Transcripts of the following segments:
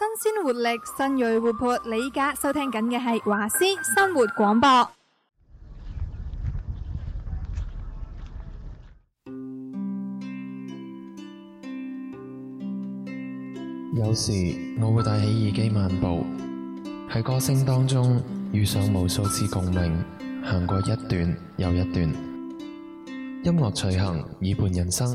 新鮮活力，新銳活潑，你依家收聽緊嘅係華師生活廣播。有時我會帶起耳機漫步，喺歌聲當中遇上無數次共鳴，行過一段又一段。音樂隨行，耳畔人生。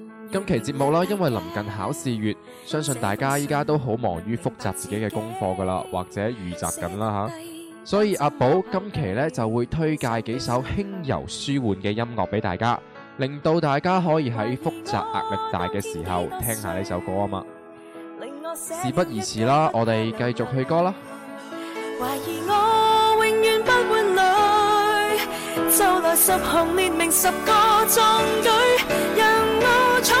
今期節目啦，因為臨近考試月，相信大家依家都好忙於復習自己嘅功課噶啦，或者預習緊啦吓，所以阿寶今期呢就會推介幾首輕柔舒緩嘅音樂俾大家，令到大家可以喺復習壓力大嘅時候聽下呢首歌啊嘛。事不宜遲啦，我哋繼續去歌啦。懷疑我永遠不換侶，就來十行列明十個壯舉，讓我唱。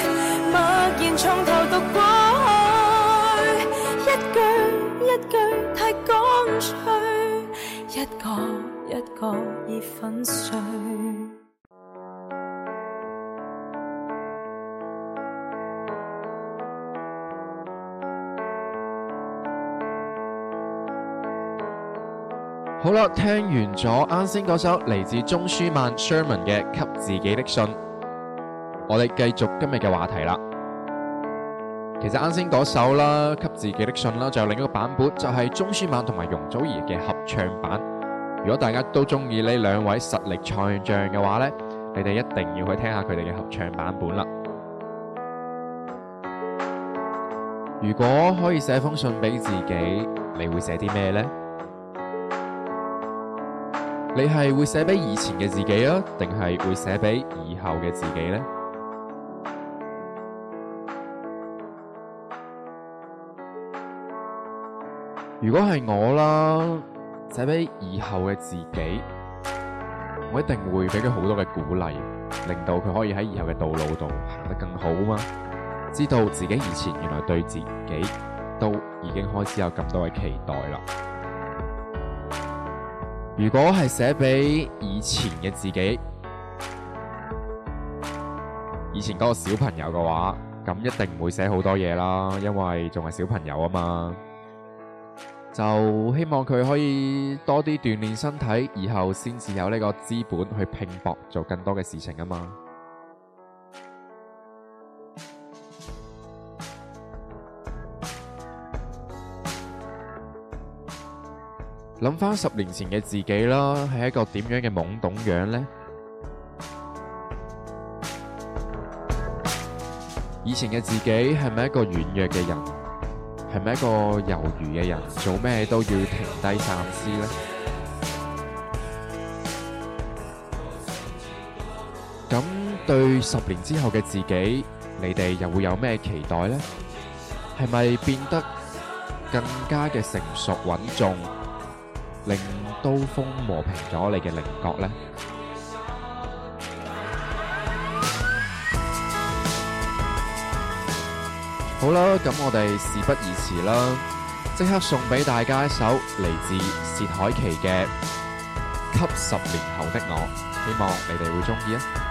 一粉碎、嗯。好啦吧，聽完咗啱先嗰首嚟自鍾舒漫、Sherman 嘅《給自己的信》，我哋繼續今日嘅話題啦。其實啱先嗰首啦，《給自己的信》啦，仲有另一個版本，就係、是、鍾舒漫同埋容祖兒嘅合唱版。如果大家都中意呢兩位實力唱將嘅話呢，你哋一定要去聽下佢哋嘅合唱版本啦。如果可以寫封信俾自己，你會寫啲咩呢？你係會寫俾以前嘅自己啊，定係會寫俾以後嘅自己呢？如果係我啦。寫俾以後嘅自己，我一定會俾佢好多嘅鼓勵，令到佢可以喺以後嘅道路度行得更好啊嘛！知道自己以前原來對自己都已經開始有咁多嘅期待啦。如果係寫俾以前嘅自己，以前嗰個小朋友嘅話，咁一定唔會寫好多嘢啦，因為仲係小朋友啊嘛。就希望佢可以多啲鍛煉身體，以後先至有呢個資本去拼搏做更多嘅事情啊嘛。諗翻 十年前嘅自己啦，係一個點樣嘅懵懂樣呢？以前嘅自己係咪一個軟弱嘅人？係咪一個猶豫嘅人，做咩都要停低三思呢？咁對十年之後嘅自己，你哋又會有咩期待呢？係咪變得更加嘅成熟穩重，令刀鋒磨平咗你嘅棱角呢？好啦，咁我哋事不宜遲啦，即刻送俾大家一首嚟自薛凱琪嘅《給十年後的我》，希望你哋會中意啊！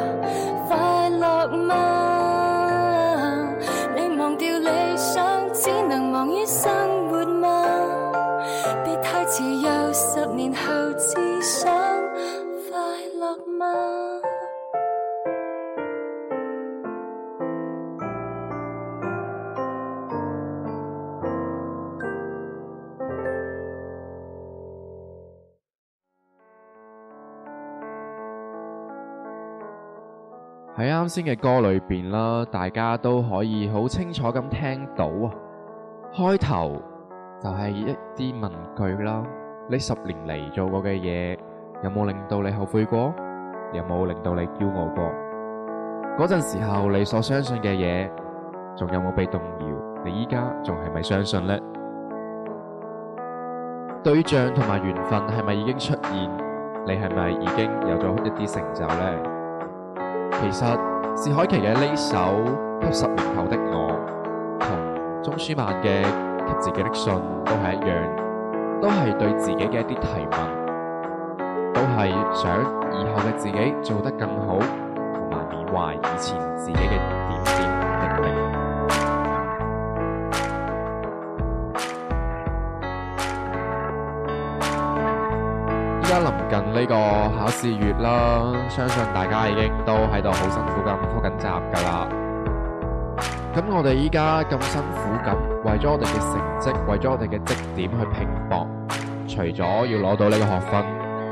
喺啱先嘅歌裏邊啦，大家都可以好清楚咁聽到啊！開頭就係一啲問句啦，呢十年嚟做過嘅嘢，有冇令到你後悔過？有冇令到你驕傲過？嗰陣時候你所相信嘅嘢，仲有冇被動搖？你依家仲係咪相信呢？對象同埋緣分係咪已經出現？你係咪已經有咗一啲成就呢？其實薛凱琪嘅呢首《給十年後的我》，同鍾舒漫嘅《給自己的信》都係一樣，都係對自己嘅一啲提問，都係想以後嘅自己做得更好，同埋緬懷以前自己嘅點點滴滴。試月啦，相信大家已經都喺度好辛苦咁復緊習㗎啦。咁我哋依家咁辛苦咁，為咗我哋嘅成績，為咗我哋嘅績點去拼搏。除咗要攞到呢個學分，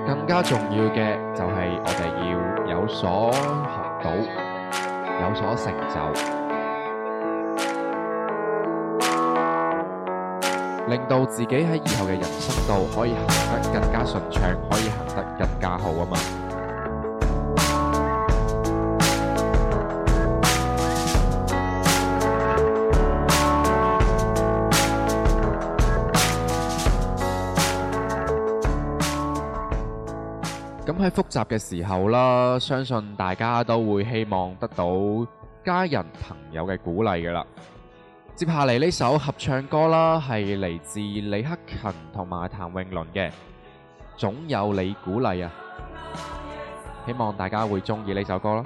更加重要嘅就係我哋要有所學到，有所成就。令到自己喺以後嘅人生度可以行得更加順暢，可以行得更加好啊嘛！咁喺複雜嘅時候啦，相信大家都會希望得到家人朋友嘅鼓勵嘅啦。接下嚟呢首合唱歌啦，係嚟自李克勤同埋譚詠麟嘅《總有你鼓勵》啊，希望大家會鍾意呢首歌啦。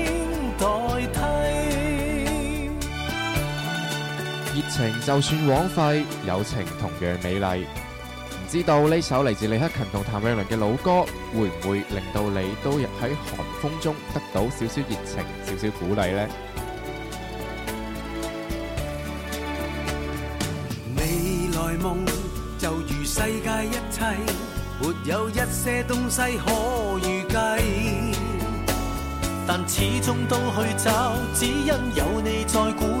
情就算枉費，友情同樣美麗。唔知道呢首嚟自李克勤同譚詠麟嘅老歌，會唔會令到你都喺寒風中得到少少熱情，少少鼓勵呢？未來夢就如世界一切，沒有一些東西可預計，但始終都去找，只因有你在鼓。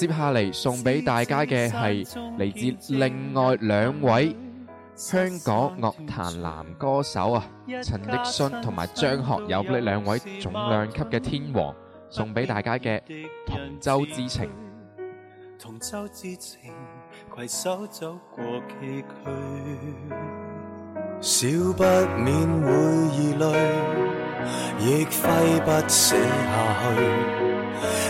接下嚟送俾大家嘅係嚟自另外兩位香港樂壇男歌手啊，陳奕迅同埋張學友呢兩位重量級嘅天王，送俾大家嘅《同舟之情》同舟之情。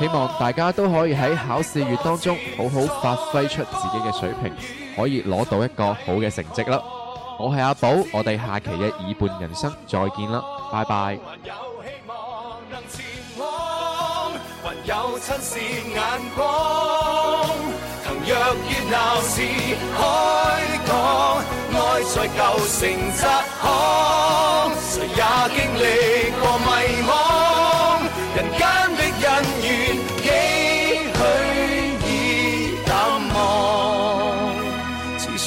希望大家都可以喺考試月當中好好發揮出自己嘅水平，可以攞到一個好嘅成績啦！我係阿保，我哋下期嘅耳畔人生再見啦，拜拜。